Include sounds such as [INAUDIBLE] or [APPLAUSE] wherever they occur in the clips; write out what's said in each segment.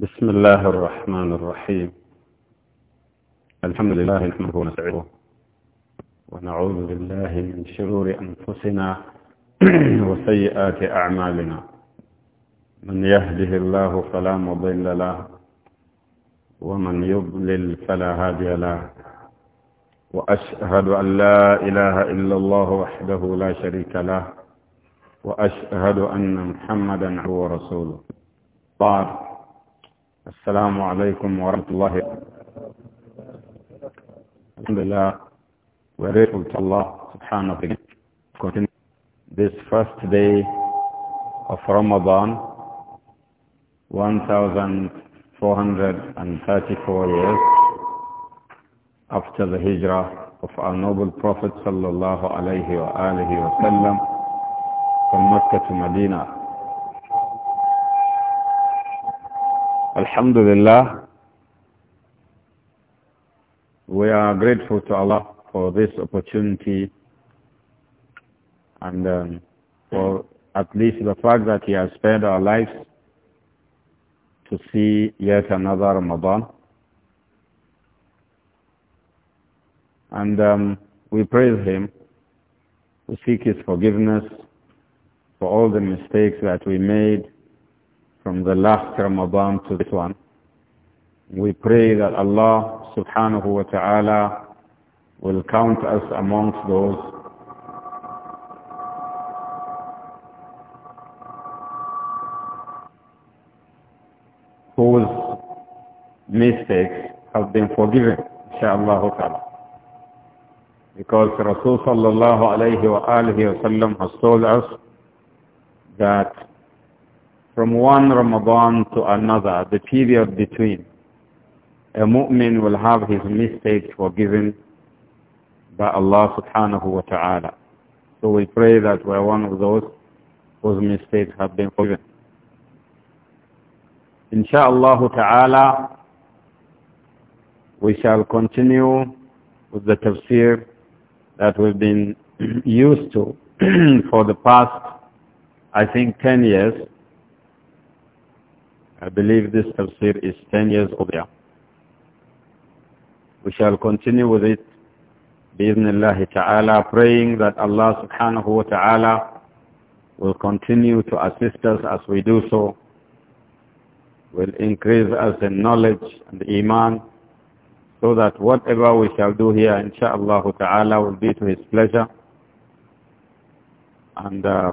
بسم الله الرحمن الرحيم الحمد لله نحمده ونستعينه ونعوذ بالله من شرور أنفسنا [CLEARS THROAT] وسيئات أعمالنا من يهده الله فلا مضل له ومن يضلل فلا هادي له وأشهد أن لا إله إلا الله وحده لا شريك له وأشهد أن محمدا هو رسوله السلام عليكم ورحمة الله الحمد لله we're الله سبحانه وتعالى this first day of Ramadan 1434 years after the hijrah of our noble prophet sallallahu alayhi wa alihi wa sallam from Mecca to Medina Alhamdulillah, we are grateful to Allah for this opportunity and um, for at least the fact that He has spared our lives to see yet another Ramadan. And um, we praise Him, we seek His forgiveness for all the mistakes that we made from the last Ramadan to this one. We pray that Allah subhanahu wa ta'ala will count us amongst those whose mistakes have been forgiven, inshaAllah ta'ala. Because Rasulullah sallallahu alayhi wa alihi wa sallam has told us that from one Ramadan to another, the period between, a mu'min will have his mistakes forgiven by Allah subhanahu wa ta'ala. So we pray that we're one of those whose mistakes have been forgiven. Insha'Allah ta'ala, we shall continue with the tafsir that we've been [CLEARS THROAT] used to [CLEARS THROAT] for the past, I think, 10 years. I believe this tafsir is 10 years old. We shall continue with it, bi'idhnillahi ta'ala, praying that Allah subhanahu wa ta'ala will continue to assist us as we do so, will increase us in knowledge and iman, so that whatever we shall do here, inshaAllah ta'ala, will be to His pleasure. And... Uh,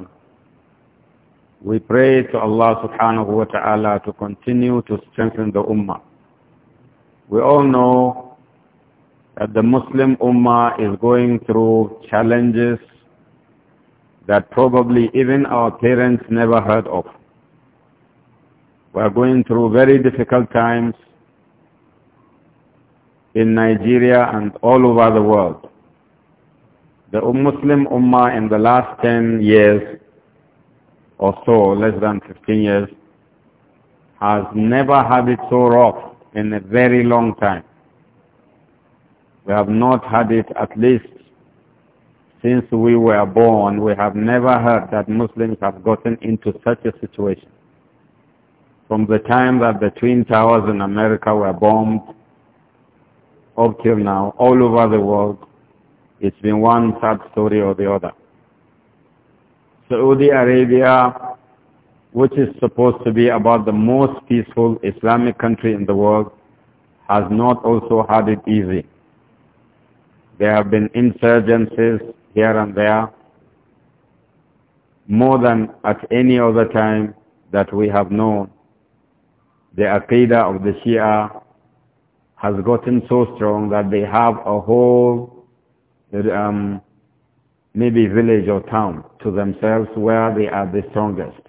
we pray to Allah subhanahu wa ta'ala to continue to strengthen the ummah. We all know that the Muslim ummah is going through challenges that probably even our parents never heard of. We are going through very difficult times in Nigeria and all over the world. The Muslim Ummah in the last 10 years or so, less than 15 years, has never had it so rough in a very long time. We have not had it at least since we were born. We have never heard that Muslims have gotten into such a situation. From the time that the Twin Towers in America were bombed up till now, all over the world, it's been one sad story or the other. Saudi Arabia, which is supposed to be about the most peaceful Islamic country in the world, has not also had it easy. There have been insurgencies here and there, more than at any other time that we have known. The Aqidah of the Shia has gotten so strong that they have a whole um, maybe village or town to themselves where they are the strongest.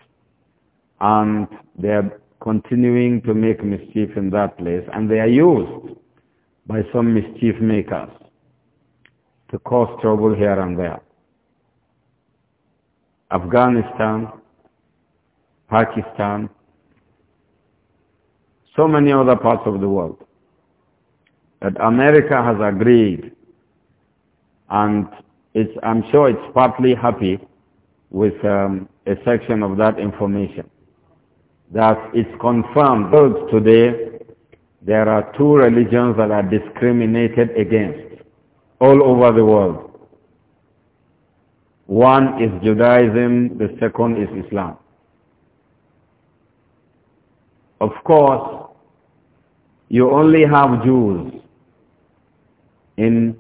And they are continuing to make mischief in that place and they are used by some mischief makers to cause trouble here and there. Afghanistan, Pakistan, so many other parts of the world that America has agreed and it's, I'm sure it's partly happy with um, a section of that information. That it's confirmed that today there are two religions that are discriminated against all over the world. One is Judaism, the second is Islam. Of course, you only have Jews in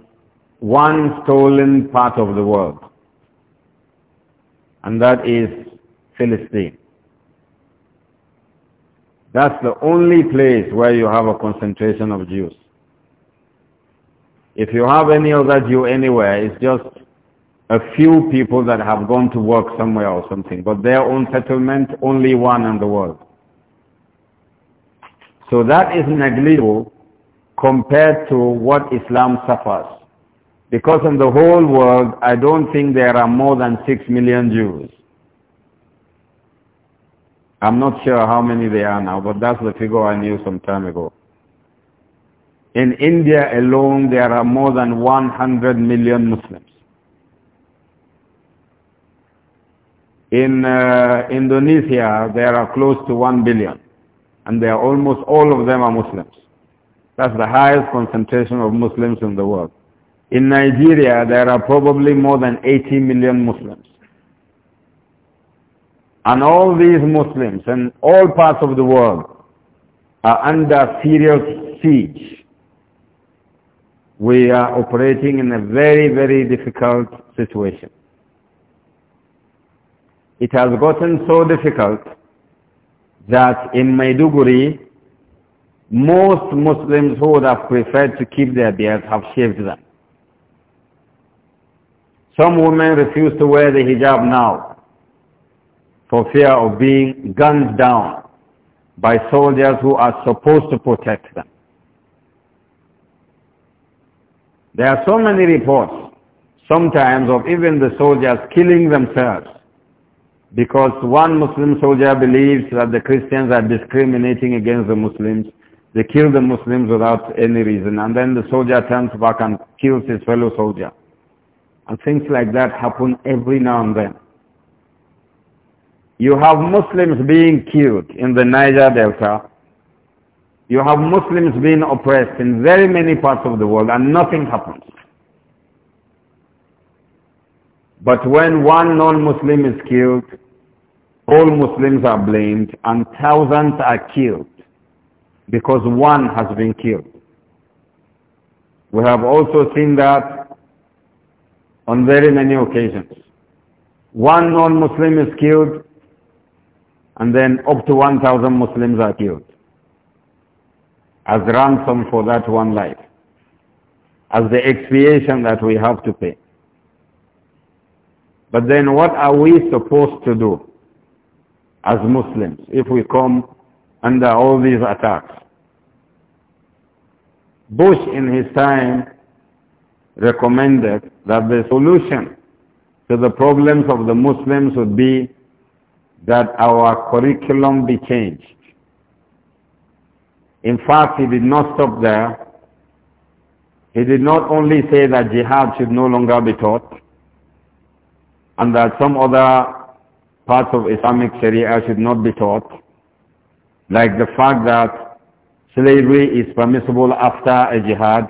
one stolen part of the world, and that is Philistine. That's the only place where you have a concentration of Jews. If you have any other Jew anywhere, it's just a few people that have gone to work somewhere or something, but their own settlement, only one in the world. So that is negligible compared to what Islam suffers. Because in the whole world, I don't think there are more than 6 million Jews. I'm not sure how many they are now, but that's the figure I knew some time ago. In India alone, there are more than 100 million Muslims. In uh, Indonesia, there are close to 1 billion, and they are almost all of them are Muslims. That's the highest concentration of Muslims in the world. In Nigeria, there are probably more than 80 million Muslims. And all these Muslims in all parts of the world are under serious siege. We are operating in a very, very difficult situation. It has gotten so difficult that in Maiduguri, most Muslims who would have preferred to keep their beards have shaved them. Some women refuse to wear the hijab now for fear of being gunned down by soldiers who are supposed to protect them. There are so many reports sometimes of even the soldiers killing themselves because one Muslim soldier believes that the Christians are discriminating against the Muslims. They kill the Muslims without any reason and then the soldier turns back and kills his fellow soldier. And things like that happen every now and then. You have Muslims being killed in the Niger Delta. You have Muslims being oppressed in very many parts of the world and nothing happens. But when one non-Muslim is killed, all Muslims are blamed and thousands are killed because one has been killed. We have also seen that on very many occasions. One non-Muslim is killed and then up to 1,000 Muslims are killed as ransom for that one life, as the expiation that we have to pay. But then what are we supposed to do as Muslims if we come under all these attacks? Bush in his time recommended that the solution to the problems of the Muslims would be that our curriculum be changed. In fact, he did not stop there. He did not only say that jihad should no longer be taught and that some other parts of Islamic Sharia should not be taught, like the fact that slavery is permissible after a jihad,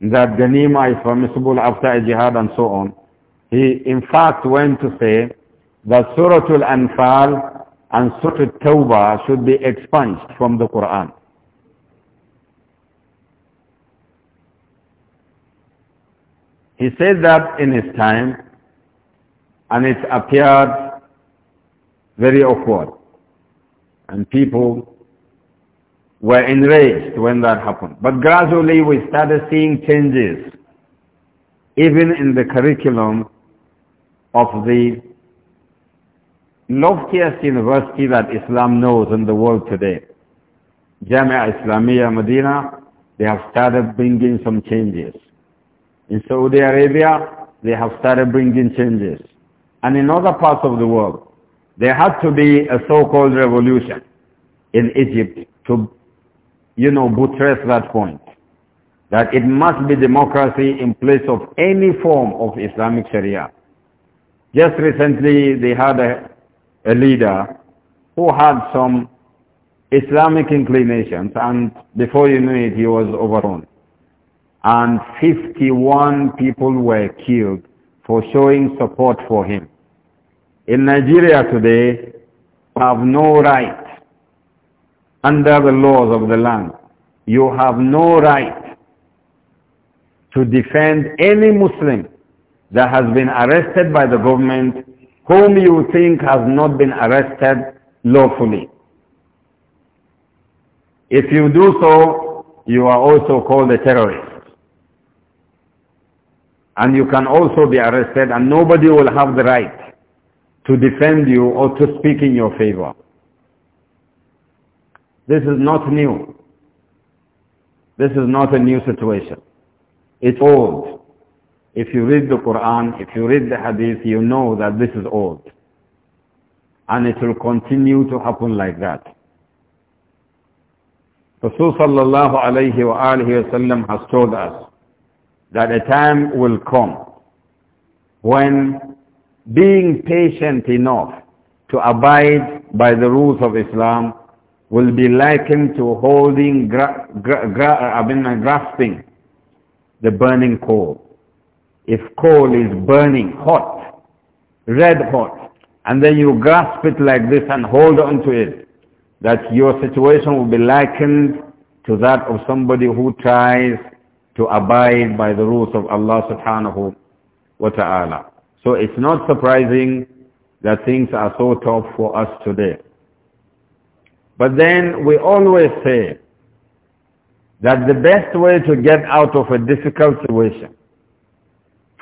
that ganima is permissible after a jihad and so on. He in fact went to say that Surah Al-Anfal and Surah tawbah should be expunged from the Quran. He said that in his time and it appeared very awkward and people were enraged when that happened. But gradually we started seeing changes, even in the curriculum of the loftiest university that Islam knows in the world today. Jamia Islamiyya Medina, they have started bringing some changes. In Saudi Arabia, they have started bringing changes. And in other parts of the world, there had to be a so-called revolution in Egypt to you know, buttress that point. That it must be democracy in place of any form of Islamic Sharia. Just recently they had a, a leader who had some Islamic inclinations and before you knew it he was overthrown. And 51 people were killed for showing support for him. In Nigeria today, have no right under the laws of the land. You have no right to defend any Muslim that has been arrested by the government whom you think has not been arrested lawfully. If you do so, you are also called a terrorist. And you can also be arrested and nobody will have the right to defend you or to speak in your favor. This is not new. This is not a new situation. It's old. If you read the Quran, if you read the Hadith, you know that this is old. And it will continue to happen like that. Rasul sallallahu alayhi wa alihi wasallam has told us that a time will come when being patient enough to abide by the rules of Islam will be likened to holding, gra gra I mean, uh, grasping the burning coal. If coal is burning hot, red hot, and then you grasp it like this and hold on to it, that your situation will be likened to that of somebody who tries to abide by the rules of Allah subhanahu wa ta'ala. So it's not surprising that things are so tough for us today. But then we always say that the best way to get out of a difficult situation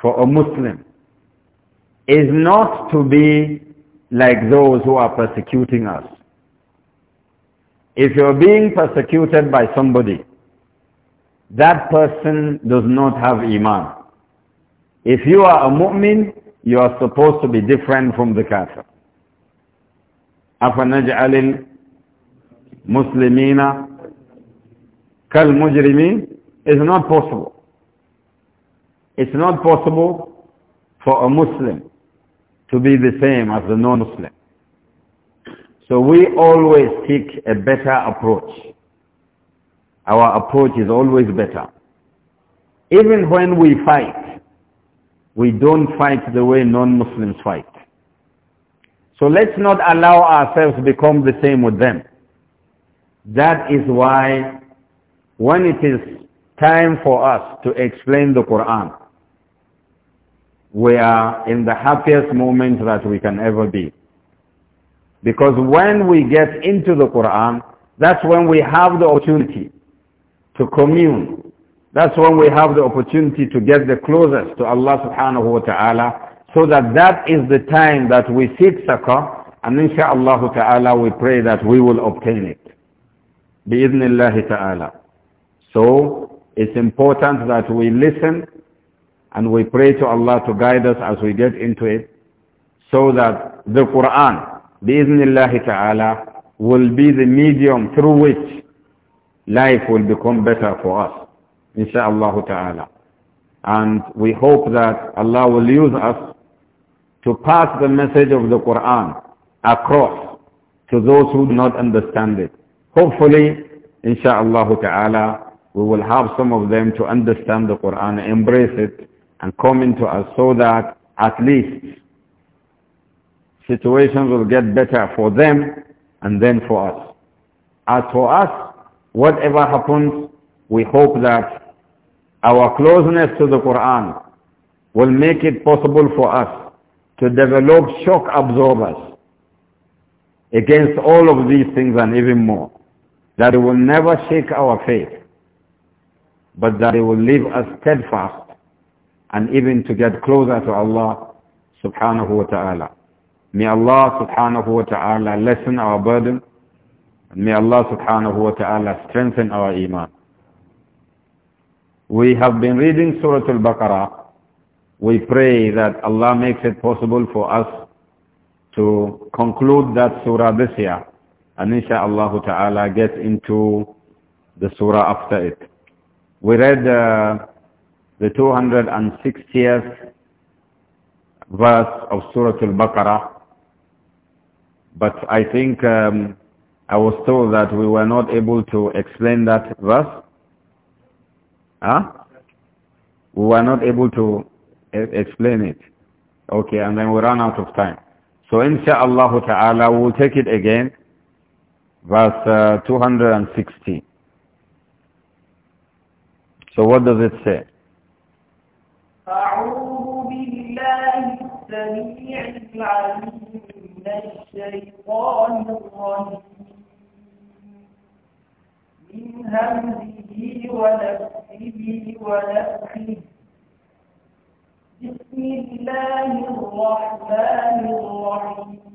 for a Muslim is not to be like those who are persecuting us. If you're being persecuted by somebody, that person does not have iman. If you are a mu'min, you are supposed to be different from the kafir. أَفَنَجْعَلِ muslimina kal mujrimin is not possible. It's not possible for a Muslim to be the same as a non-Muslim. So we always take a better approach. Our approach is always better. Even when we fight, we don't fight the way non-Muslims fight. So let's not allow ourselves to become the same with them. That is why when it is time for us to explain the Quran, we are in the happiest moment that we can ever be. Because when we get into the Quran, that's when we have the opportunity to commune. That's when we have the opportunity to get the closest to Allah subhanahu wa ta'ala so that that is the time that we seek succor and inshaAllah ta'ala we pray that we will obtain it idhnillahi ta'ala. So, it's important that we listen and we pray to Allah to guide us as we get into it so that the Quran, idhnillahi ta'ala, will be the medium through which life will become better for us, insha'Allah ta'ala. And we hope that Allah will use us to pass the message of the Quran across to those who do not understand it. Hopefully, insha'Allah ta'ala, we will have some of them to understand the Quran, embrace it, and come into us so that at least situations will get better for them and then for us. As for us, whatever happens, we hope that our closeness to the Quran will make it possible for us to develop shock absorbers against all of these things and even more that it will never shake our faith, but that it will leave us steadfast and even to get closer to Allah subhanahu wa ta'ala. May Allah subhanahu wa ta'ala lessen our burden and may Allah subhanahu wa ta'ala strengthen our iman. We have been reading Surah Al-Baqarah. We pray that Allah makes it possible for us to conclude that surah this year and insha'Allah ta'ala get into the surah after it. We read uh, the 260th verse of Surah Al-Baqarah, but I think um, I was told that we were not able to explain that verse. Huh? We were not able to e explain it. Okay, and then we ran out of time. So insha'Allah ta'ala, we'll take it again verse uh, 260. So what does it say? أعوذ بالله السميع العليم من الشيطان الرجيم من همزه ونفسه ونفسه بسم الله الرحمن الرحيم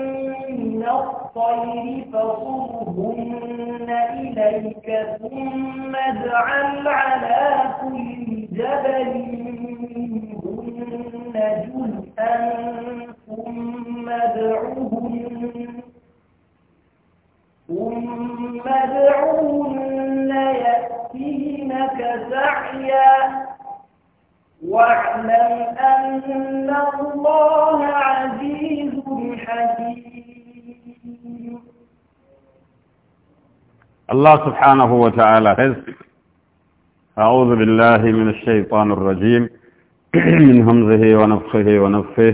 الطير فصرهن إليك ثم اجعل على كل جبل منهن جزءا ثم ادعهن ثم ادعهن يأتينك سعيا واعلم أن الله عزيز حكيم الله سبحانه وتعالى رزق أعوذ بالله من الشيطان الرجيم [CLEARS THROAT] من همزه ونفخه ونفخه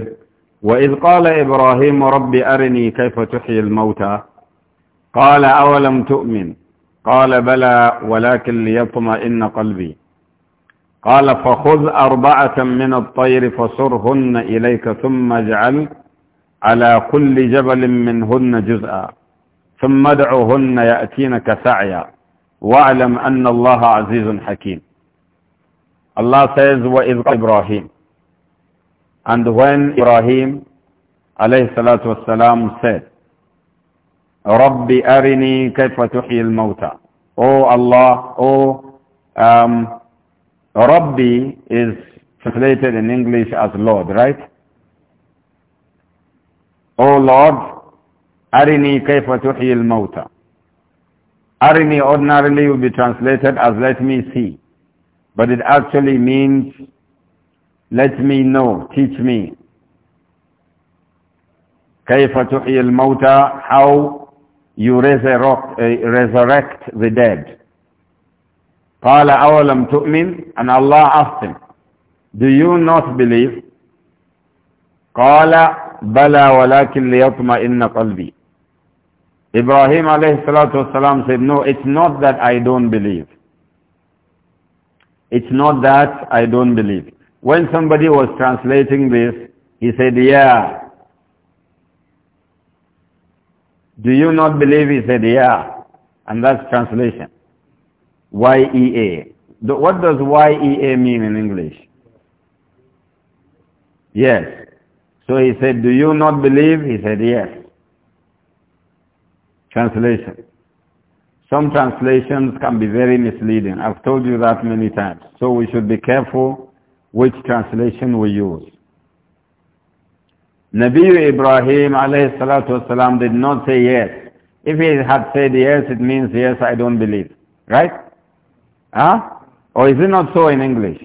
وإذ قال إبراهيم رب أرني كيف تحيي الموتى قال أولم تؤمن قال بلى ولكن ليطمئن قلبي قال فخذ أربعة من الطير فصرهن إليك ثم اجعل على كل جبل منهن جزءا ثم ادعوهن يأتينك سعيا واعلم أن الله عزيز حكيم Allah says وإذ إبراهيم and when Ibrahim عليه الصلاة والسلام said ربي أرني كيف تحيي الموتى Oh Allah, oh um, ربي is translated in English as Lord, right? Oh Lord, Arini kaifa tuhyil mauta. Arini ordinarily would be translated as let me see. But it actually means let me know, teach me. كيف تحيي mauta how you resurrect, uh, resurrect the dead Qala أولم تؤمن and Allah asked him do you not believe قال بلى ولكن ليطمئن قلبي Ibrahim alayhi salatu wasalam said, no, it's not that I don't believe. It's not that I don't believe. When somebody was translating this, he said, yeah. Do you not believe? He said, yeah. And that's translation. Y-E-A. What does Y-E-A mean in English? Yes. So he said, do you not believe? He said, yes. Translation. Some translations can be very misleading. I've told you that many times. So we should be careful which translation we use. Nabi Ibrahim alayhi salatu wasalam did not say yes. If he had said yes, it means yes, I don't believe. Right? Huh? Or is it not so in English?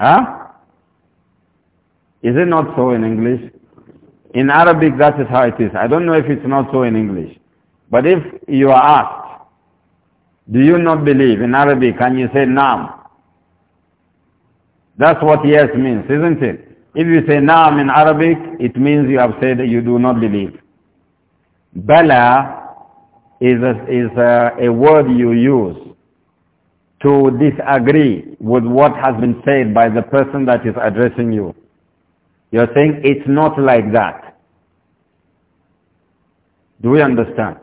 Huh? Is it not so in English? In Arabic, that is how it is. I don't know if it's not so in English. But if you are asked, do you not believe in Arabic and you say Naam, that's what yes means, isn't it? If you say Naam in Arabic, it means you have said you do not believe. Bala is a, is a, a word you use to disagree with what has been said by the person that is addressing you. You're saying it's not like that. Do we understand?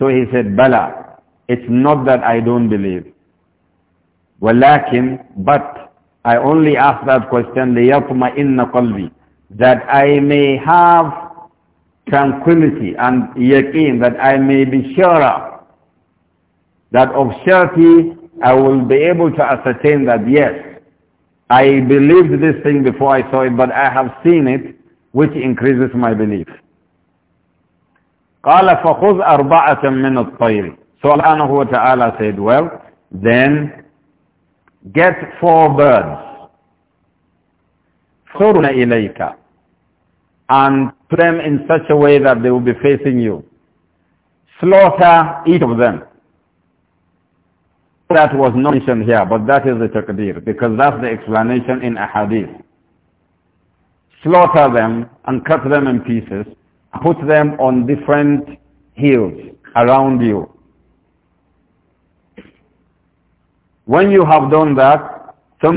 So he said, Bala, it's not that I don't believe. Walakin, but I only ask that question, inna قَلْبِي That I may have tranquility and yaqeen, that I may be sure that of surety I will be able to ascertain that yes, I believed this thing before I saw it, but I have seen it, which increases my belief. قَالَ فَخُذْ أَرْبَعَةً مِنَ الطَّيْرِ Subhanahu wa said, well, then get four birds. صُرْنَ إِلَيْكَ And put them in such a way that they will be facing you. Slaughter each of them. That was not mentioned here, but that is the taqdeer, because that's the explanation in a hadith. Slaughter them and cut them in pieces Put them on different hills around you. When you have done that, So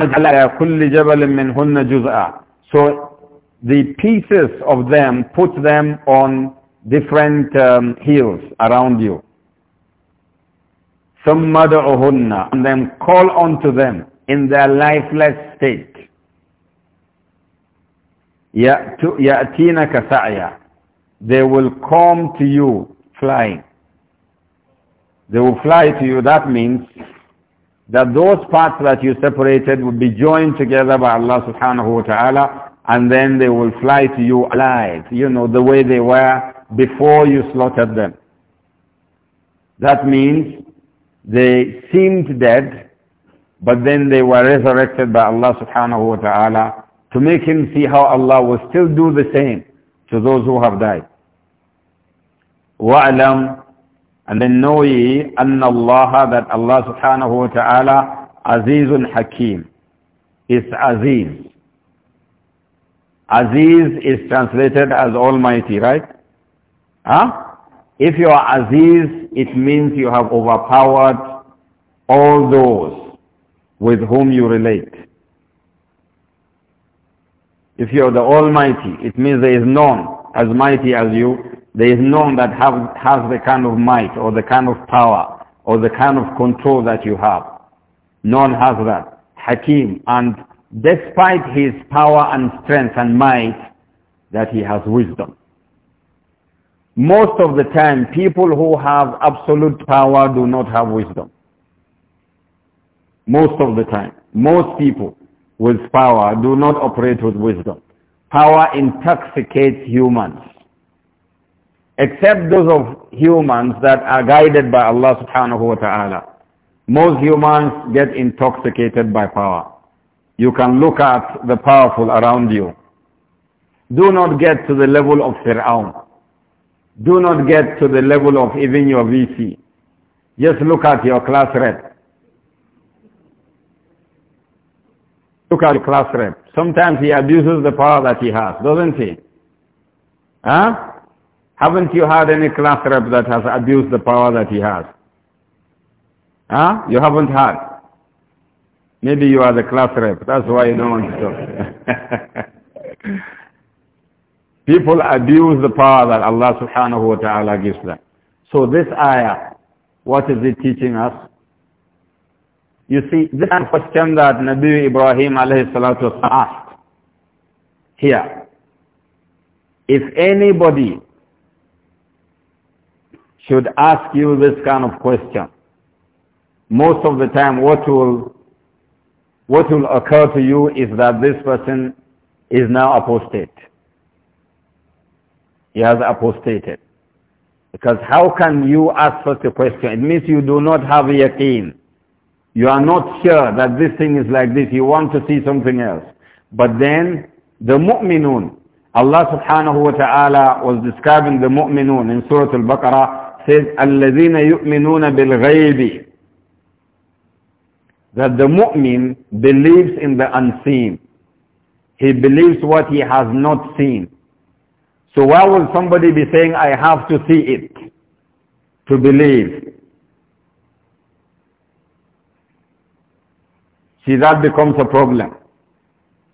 the pieces of them, put them on different um, hills around you. ثم دعوهن and then call unto them in their lifeless state they will come to you flying. They will fly to you. That means that those parts that you separated will be joined together by Allah subhanahu wa ta'ala and then they will fly to you alive, you know, the way they were before you slaughtered them. That means they seemed dead, but then they were resurrected by Allah subhanahu wa ta'ala to make him see how Allah will still do the same to those who have died. وَأَلَمْ And then know ye أَنَّ اللَّهَ That Allah subhanahu wa ta'ala Azizun Hakim is Aziz. Aziz is translated as Almighty, right? Huh? If you are Aziz, it means you have overpowered all those with whom you relate. If you are the Almighty, it means there is none as mighty as you there is none that have, has the kind of might or the kind of power or the kind of control that you have. None has that. Hakim. And despite his power and strength and might, that he has wisdom. Most of the time, people who have absolute power do not have wisdom. Most of the time. Most people with power do not operate with wisdom. Power intoxicates humans except those of humans that are guided by Allah subhanahu wa ta'ala. Most humans get intoxicated by power. You can look at the powerful around you. Do not get to the level of Fir'aun. Do not get to the level of even your VC. Just look at your class rep. Look at your class rep. Sometimes he abuses the power that he has, doesn't he? Huh? Haven't you had any class rep that has abused the power that he has? Huh? You haven't had. Maybe you are the class rep. That's why you don't want to talk. [LAUGHS] People abuse the power that Allah subhanahu wa ta'ala gives them. So this ayah, what is it teaching us? You see, this question that Nabi Ibrahim alayhi salatu asked here. If anybody should ask you this kind of question. Most of the time what will, what will occur to you is that this person is now apostate. He has apostated. Because how can you ask such a question? It means you do not have a yaqeen. You are not sure that this thing is like this. You want to see something else. But then the mu'minun, Allah subhanahu wa ta'ala was describing the mu'minun in Surah Al-Baqarah says, الَّذِينَ يُؤْمِنُونَ بِالْغَيْبِ That the mu'min believes in the unseen. He believes what he has not seen. So why would somebody be saying, I have to see it to believe? See, that becomes a problem.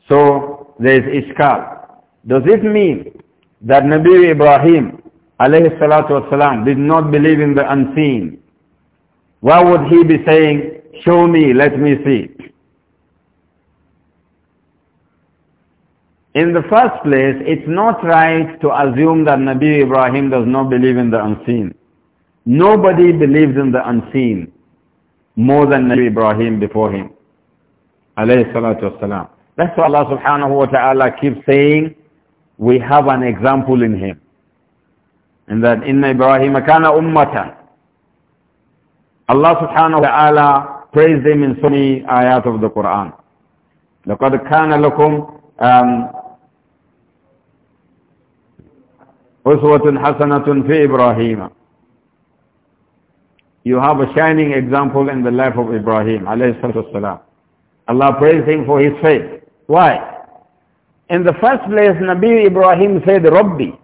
So there is ishkal. Does it mean that Nabi Ibrahim alayhi salatu wasalam, did not believe in the unseen, why would he be saying, show me, let me see? In the first place, it's not right to assume that Nabi Ibrahim does not believe in the unseen. Nobody believes in the unseen more than Nabi Ibrahim before him. Alayhi salatu wasalam. That's why Allah subhanahu wa ta'ala keeps saying, we have an example in him. And that in Ibrahim kana ummatan. Allah subhanahu wa ta'ala praised him in so many ayat of the Quran. لَقَدْ كَانَ لَكُمْ um, أُسْوَةٌ حَسَنَةٌ فِي إِبْرَاهِيمَ You have a shining example in the life of Ibrahim alayhi Allah praised him for his faith. Why? In the first place, Nabi Ibrahim said, Rabbi.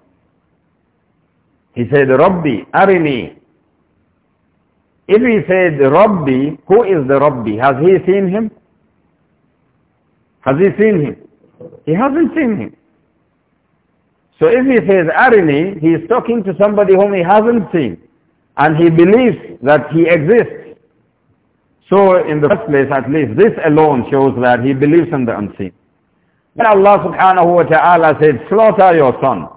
He said, Rabbi, Arini. If he said, Rabbi, who is the Rabbi? Has he seen him? Has he seen him? He hasn't seen him. So if he says Arini, he is talking to somebody whom he hasn't seen. And he believes that he exists. So in the first place at least, this alone shows that he believes in the unseen. Then Allah subhanahu wa ta'ala said, slaughter your son.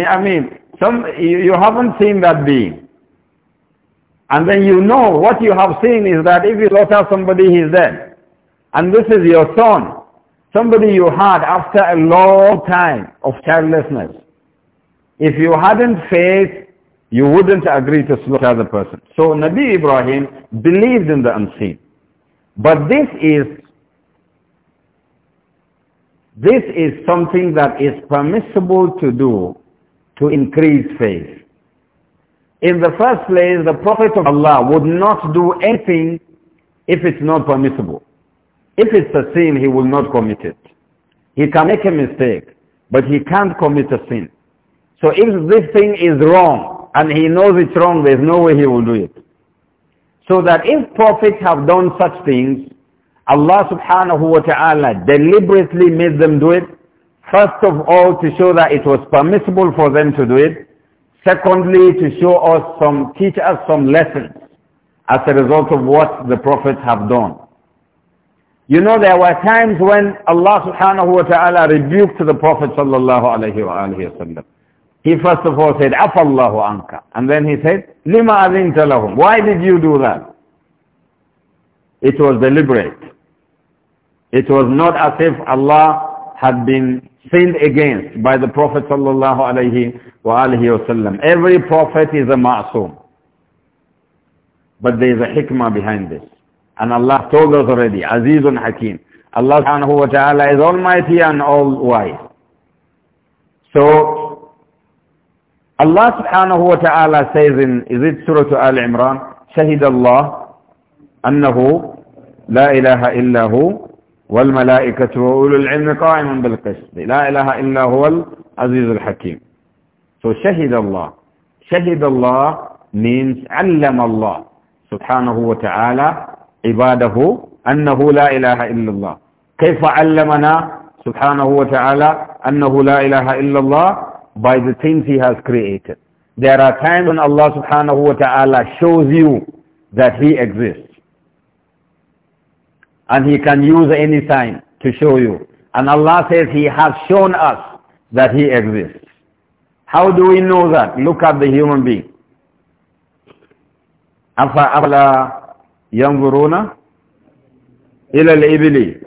I mean, some, you, haven't seen that being. And then you know what you have seen is that if you at somebody, he's dead. And this is your son. Somebody you had after a long time of childlessness. If you hadn't faith, you wouldn't agree to slaughter the person. So Nabi Ibrahim believed in the unseen. But this is, this is something that is permissible to do to increase faith. In the first place, the Prophet of Allah would not do anything if it's not permissible. If it's a sin, he will not commit it. He can make a mistake, but he can't commit a sin. So if this thing is wrong, and he knows it's wrong, there's no way he will do it. So that if prophets have done such things, Allah subhanahu wa ta'ala deliberately made them do it, First of all, to show that it was permissible for them to do it. Secondly, to show us some, teach us some lessons as a result of what the prophets have done. You know, there were times when Allah subhanahu wa ta'ala rebuked the Prophet sallallahu alayhi wa He first of all said, أَفَى Anka, And then he said, Lima أَذِنْتَ لَهُمْ Why did you do that? It was deliberate. It was not as if Allah had been sinned against by the Prophet sallallahu alaihi wasallam. Every prophet is a ma'soom. But there is a hikmah behind this. And Allah told us already, Azizun Hakim. Allah subhanahu wa ta'ala is almighty and all-wise. So, Allah subhanahu wa ta'ala says in, is it Surah Al-Imran? "Shahid Allah, annahu, la ilaha illahu." والملائكة وأولو العلم قائم بالقسط لا إله إلا هو العزيز الحكيم فشهد الله شهد الله من علم الله سبحانه وتعالى عباده أنه لا إله إلا الله كيف علمنا سبحانه وتعالى أنه لا إله إلا الله by the things he has created there are times when Allah subhanahu wa ta'ala shows you that he exists and he can use any sign to show you. And Allah says he has shown us that he exists. How do we know that? Look at the human being. أَفَأَفْلَا يَنْظُرُونَ إِلَى الْإِبِلِ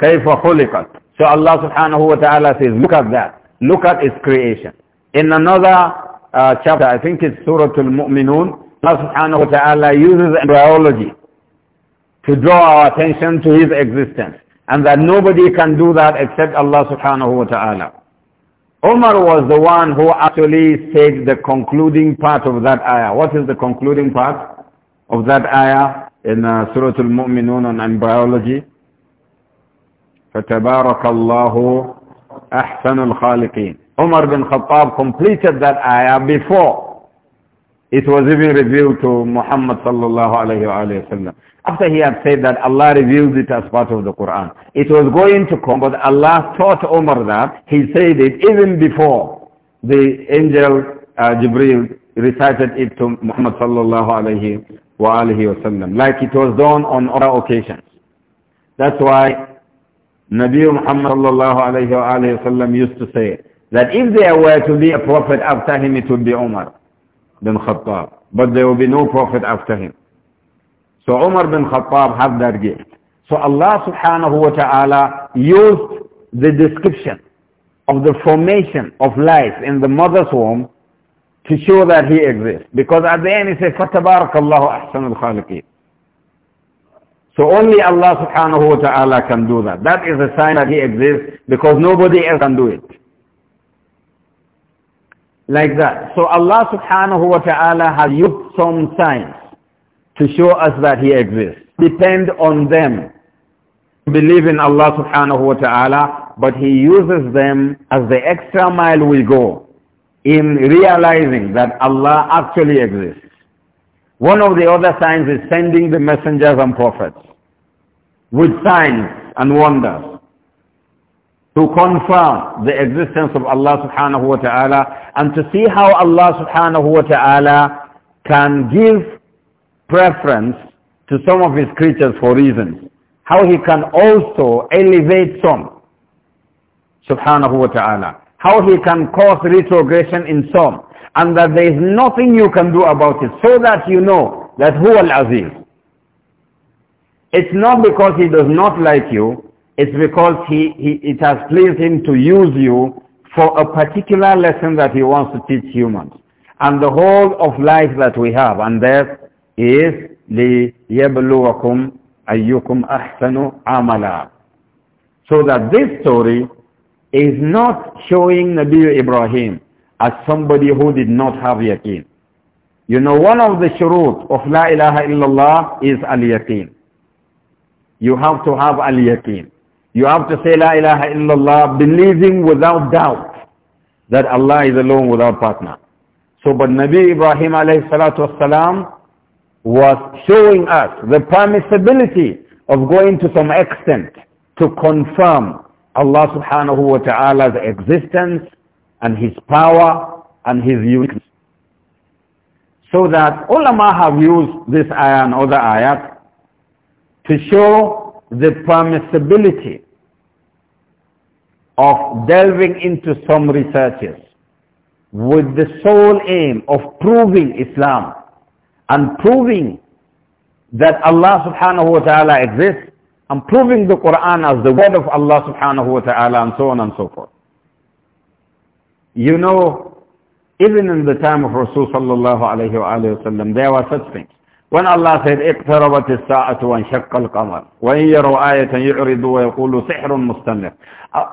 كَيْفَ خُلِقَتْ So Allah subhanahu wa ta'ala says, look at that. Look at its creation. In another uh, chapter, I think it's Surah Al-Mu'minun, Allah subhanahu wa ta'ala uses embryology to draw our attention to his existence and that nobody can do that except Allah subhanahu wa ta'ala. Umar was the one who actually said the concluding part of that ayah. What is the concluding part of that ayah in uh, Surah Al-Mu'minun and biology? فَتَبَارَكَ اللَّهُ أَحْسَنُ الْخَالِقِينَ Umar bin Khattab completed that ayah before it was even revealed to Muhammad sallallahu alayhi wa sallam after he had said that Allah revealed it as part of the Quran. It was going to come, but Allah taught Omar that. He said it even before the angel uh, Jibril recited it to Muhammad sallallahu alayhi wa alihi wasallam, like it was done on other occasions. That's why Nabi Muhammad sallallahu alayhi wa alihi wasallam used to say that if there were to be a prophet after him, it would be Omar bin Khattab. But there will be no prophet after him. So Umar bin Khattab had that gift. So Allah subhanahu wa ta'ala used the description of the formation of life in the mother's womb to show that he exists. Because at the end he says, فَتَبَارَكَ أَحْسَنُ الْخَالِقِينَ So only Allah subhanahu wa ta'ala can do that. That is a sign that he exists because nobody else can do it. Like that. So Allah subhanahu wa ta'ala has used some signs to show us that he exists. Depend on them. Believe in Allah subhanahu wa ta'ala, but he uses them as the extra mile we go in realizing that Allah actually exists. One of the other signs is sending the messengers and prophets with signs and wonders to confirm the existence of Allah subhanahu wa ta'ala and to see how Allah subhanahu wa ta'ala can give preference to some of his creatures for reasons. How he can also elevate some. Subhanahu wa ta'ala. How he can cause retrogression in some. And that there is nothing you can do about it. So that you know that who al-aziz. It's not because he does not like you. It's because he, he, it has pleased him to use you for a particular lesson that he wants to teach humans. And the whole of life that we have and death is لِيَبْلُوَكُمْ أَيُّكُمْ أَحْسَنُ عَمَلًا So that this story is not showing Nabi Ibrahim as somebody who did not have yaqeen. You know, one of the shurut of La ilaha illallah is al-yaqeen. You have to have al-yaqeen. You have to say La ilaha illallah believing without doubt that Allah is alone without partner. So but Nabi Ibrahim alayhi salatu wasalam was showing us the permissibility of going to some extent to confirm Allah subhanahu wa ta'ala's existence and his power and his uniqueness. So that ulama have used this ayah and other ayat to show the permissibility of delving into some researches with the sole aim of proving Islam and proving that Allah subhanahu wa ta'ala exists and proving the Quran as the word of Allah subhanahu wa ta'ala and so on and so forth. You know, even in the time of Rasul sallallahu alayhi wa sallam, there were such things. When Allah said, اقتربت الساعة وانشق القمر وإن يروا آية يعرض ويقول سحر مستمر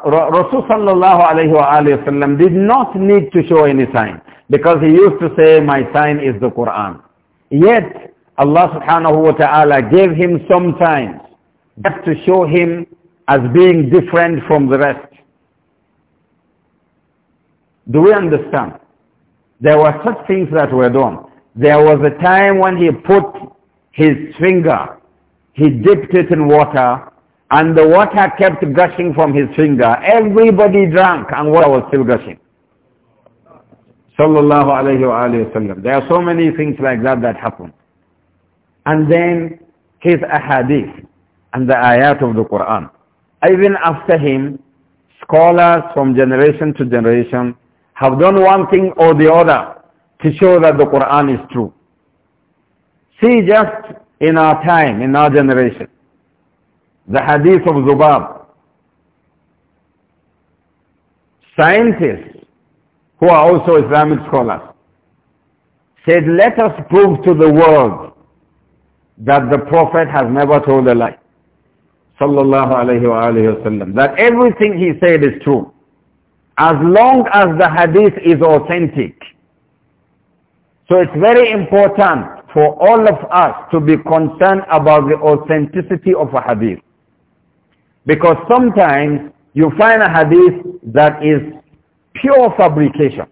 Rasul sallallahu alayhi wa sallam did not need to show any sign because he used to say, my sign is the Quran. Yet, Allah subhanahu wa ta'ala gave him some time just to show him as being different from the rest. Do we understand? There were such things that were done. There was a time when he put his finger, he dipped it in water, and the water kept gushing from his finger. Everybody drank, and water was still gushing. Sallallahu alayhi wa sallam. There are so many things like that that happen. And then his ahadith and the ayat of the Quran. Even after him, scholars from generation to generation have done one thing or the other to show that the Quran is true. See just in our time, in our generation, the hadith of Zubab. Scientists who are also Islamic scholars, said, let us prove to the world that the Prophet has never told a lie. Sallallahu alayhi wa alayhi wa That everything he said is true. As long as the hadith is authentic. So it's very important for all of us to be concerned about the authenticity of a hadith. Because sometimes you find a hadith that is pure fabrication.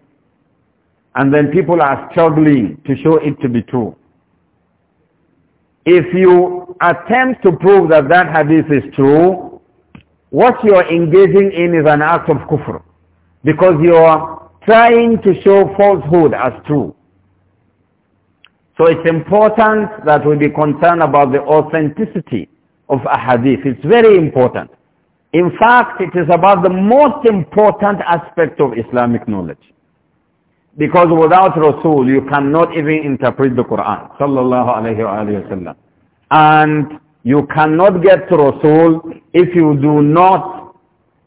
And then people are struggling to show it to be true. If you attempt to prove that that hadith is true, what you're engaging in is an act of kufr. Because you're trying to show falsehood as true. So it's important that we be concerned about the authenticity of a hadith. It's very important. In fact, it is about the most important aspect of Islamic knowledge. Because without Rasul, you cannot even interpret the Quran. Sallallahu alayhi wa, sallam. And you cannot get to Rasul if you do not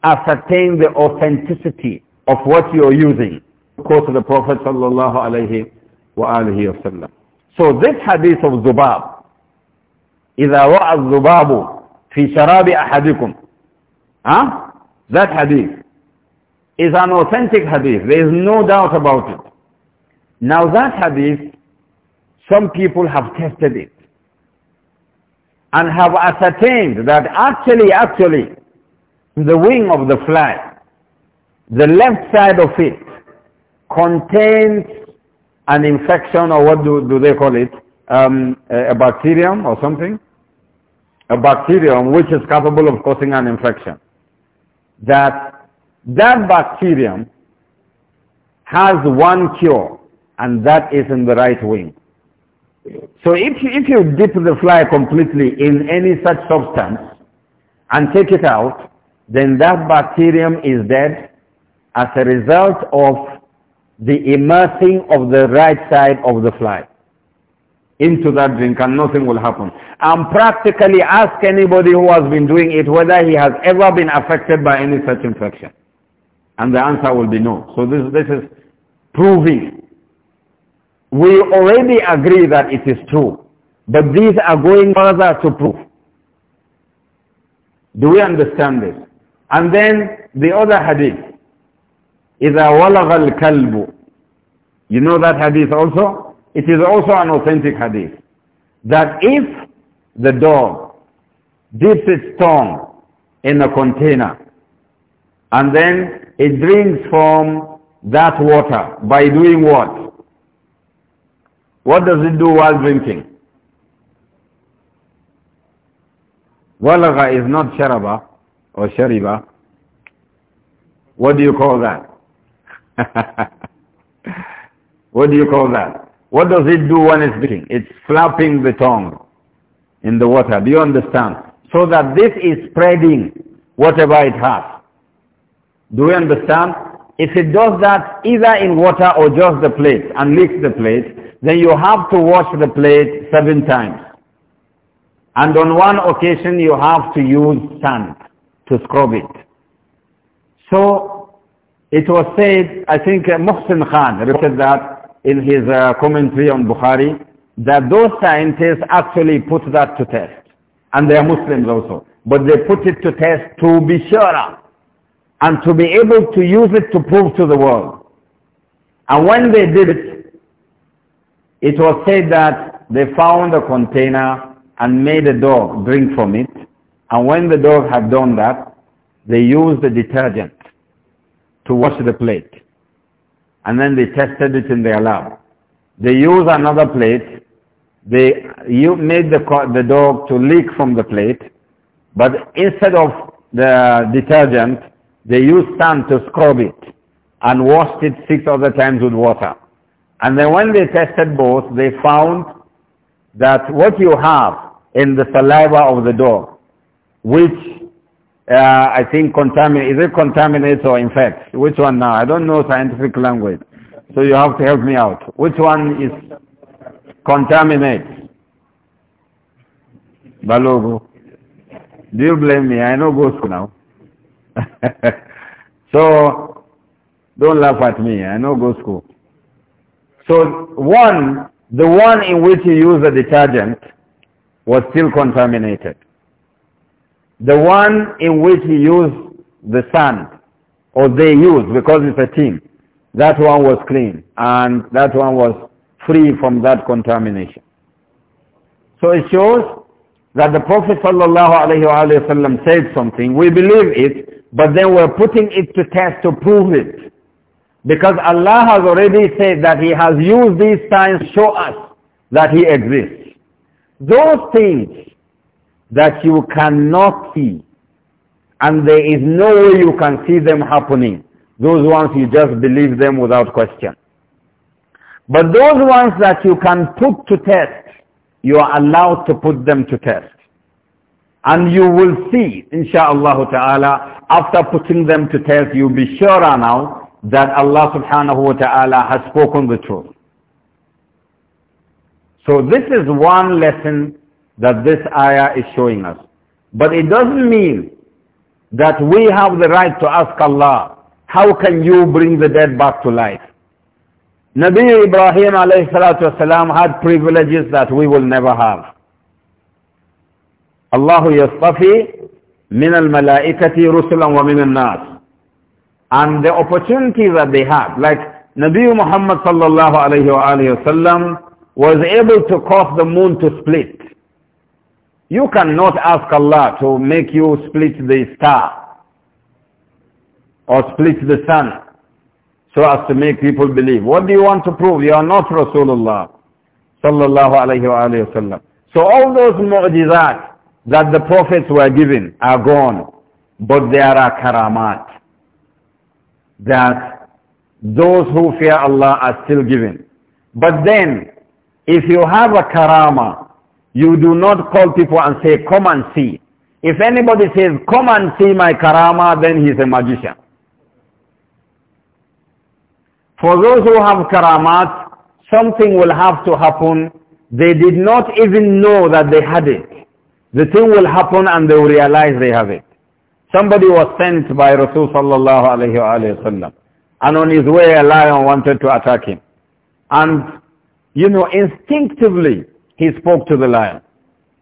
ascertain the authenticity of what you are using. Of course, the Prophet sallallahu alayhi wa alayhi wa sallam. So this hadith of Zubab, إِذَا وَعَ الزُّبَابُ فِي شَرَابِ أَحَدِكُمْ Huh? That hadith is an authentic hadith. There is no doubt about it. Now that hadith, some people have tested it and have ascertained that actually, actually, the wing of the fly, the left side of it, contains an infection or what do, do they call it? Um, a bacterium or something? A bacterium which is capable of causing an infection that that bacterium has one cure, and that is in the right wing. So if you, if you dip the fly completely in any such substance and take it out, then that bacterium is dead as a result of the immersing of the right side of the fly into that drink and nothing will happen. And practically ask anybody who has been doing it whether he has ever been affected by any such infection. And the answer will be no. So this, this is proving. We already agree that it is true. But these are going further to prove. Do we understand this? And then the other hadith. إِذَا وَلَغَ الْكَلْبُ You know that hadith also? It is also an authentic hadith that if the dog dips its tongue in a container and then it drinks from that water by doing what? What does it do while drinking? Walaga is not sharaba or shariba. What do you call that? [LAUGHS] what do you call that? What does it do when it's speaking? It's flapping the tongue in the water. Do you understand? So that this is spreading whatever it has. Do we understand? If it does that either in water or just the plate and leaks the plate, then you have to wash the plate seven times. And on one occasion you have to use sand to scrub it. So it was said, I think uh, Muhsin Khan reported that in his uh, commentary on Bukhari that those scientists actually put that to test. And they are Muslims also. But they put it to test to be sure and to be able to use it to prove to the world. And when they did it, it was said that they found a container and made a dog drink from it. And when the dog had done that, they used the detergent to wash the plate and then they tested it in their lab. They used another plate. They made the, the dog to leak from the plate, but instead of the detergent, they used sand to scrub it and washed it six other times with water. And then when they tested both, they found that what you have in the saliva of the dog, which uh, I think contaminate, is it contaminates or infects? Which one now? I don't know scientific language. So you have to help me out. Which one is contaminates? Balogo. Do you blame me? I know ghost now. [LAUGHS] so, don't laugh at me. I know go school. So one, the one in which you use the detergent was still contaminated. The one in which he used the sand, or they used, because it's a team, that one was clean, and that one was free from that contamination. So it shows that the Prophet ﷺ said something, we believe it, but then we're putting it to test to prove it. Because Allah has already said that He has used these signs to show us that He exists. Those things that you cannot see. And there is no way you can see them happening. Those ones you just believe them without question. But those ones that you can put to test, you are allowed to put them to test. And you will see, insha'Allah ta'ala, after putting them to test, you'll be sure now that Allah subhanahu wa ta'ala has spoken the truth. So this is one lesson that this ayah is showing us. But it doesn't mean that we have the right to ask Allah, how can you bring the dead back to life? Nabi Ibrahim والسلام, had privileges that we will never have. Allah yastafi min al-malaikati rusulan wa min al-nas. And the opportunity that they had, like Nabi Muhammad sallallahu alayhi wa was able to cause the moon to split. You cannot ask Allah to make you split the star or split the sun so as to make people believe. What do you want to prove? You are not Rasulullah sallallahu alayhi wa, sallam. So all those mu'jizat that the prophets were given are gone. But there are karamat that those who fear Allah are still given. But then, if you have a karama you do not call people and say, come and see. If anybody says, come and see my karama, then he's a magician. For those who have karamat, something will have to happen. They did not even know that they had it. The thing will happen and they will realize they have it. Somebody was sent by Rasul sallallahu alayhi wa sallam. And on his way a lion wanted to attack him. And, you know, instinctively, he spoke to the lion.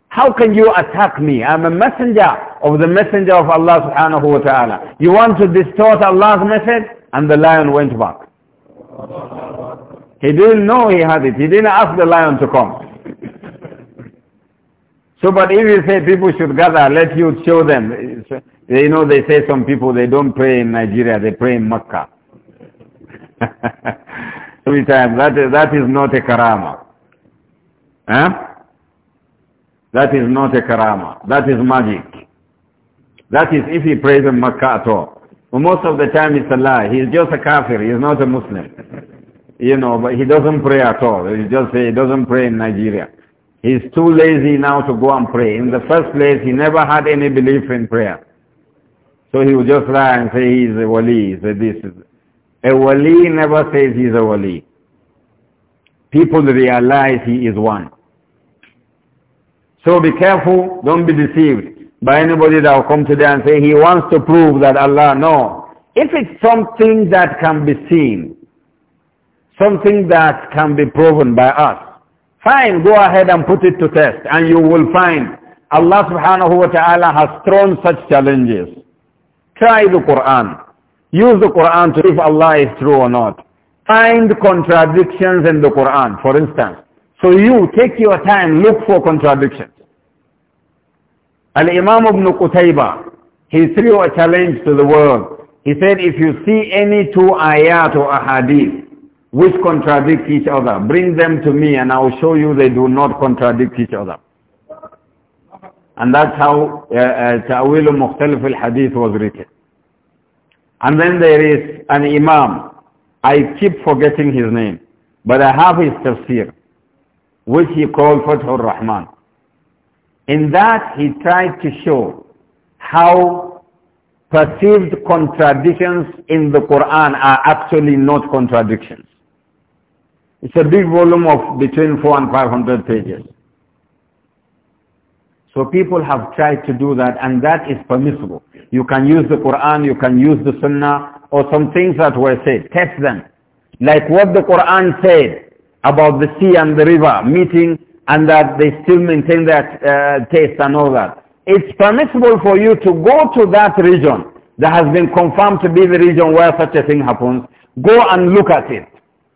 How can you attack me? I'm a messenger of the messenger of Allah subhanahu wa ta'ala. You want to distort Allah's message? And the lion went back. He didn't know he had it. He didn't ask the lion to come. so but if you say people should gather, let you show them. You know they say some people they don't pray in Nigeria, they pray in Makkah. [LAUGHS] Every time. That is, that is not a karama. Eh? That is not a karama. That is magic. That is if he prays in Makkah at all. But most of the time it's a lie. He's just a kafir. He's not a Muslim. You know, but he doesn't pray at all. He just he doesn't pray in Nigeria. He's too lazy now to go and pray. In the first place, he never had any belief in prayer. So he would just lie and say he's a wali, He a this. A wali never says he's a wali. People realize he is one. So be careful, don't be deceived by anybody that will come today and say he wants to prove that Allah, no. If it's something that can be seen, something that can be proven by us, fine, go ahead and put it to test and you will find Allah subhanahu wa ta'ala has thrown such challenges. Try the Quran. Use the Quran to see if Allah is true or not. Find contradictions in the Quran, for instance. So you take your time, look for contradictions. Al-Imam ibn Qutayba, he threw a challenge to the world. He said, if you see any two ayat or ahadith which contradict each other, bring them to me and I will show you they do not contradict each other. And that's how uh, uh, Ta'wil Mukhtalif al-Hadith was written. And then there is an Imam. I keep forgetting his name. But I have his tafsir, which he called Fathur Rahman. In that he tried to show how perceived contradictions in the Quran are actually not contradictions. It's a big volume of between four and 500 pages. So people have tried to do that and that is permissible. You can use the Quran, you can use the Sunnah or some things that were said. Test them. Like what the Quran said about the sea and the river meeting and that they still maintain that uh, taste and all that. It's permissible for you to go to that region that has been confirmed to be the region where such a thing happens. Go and look at it.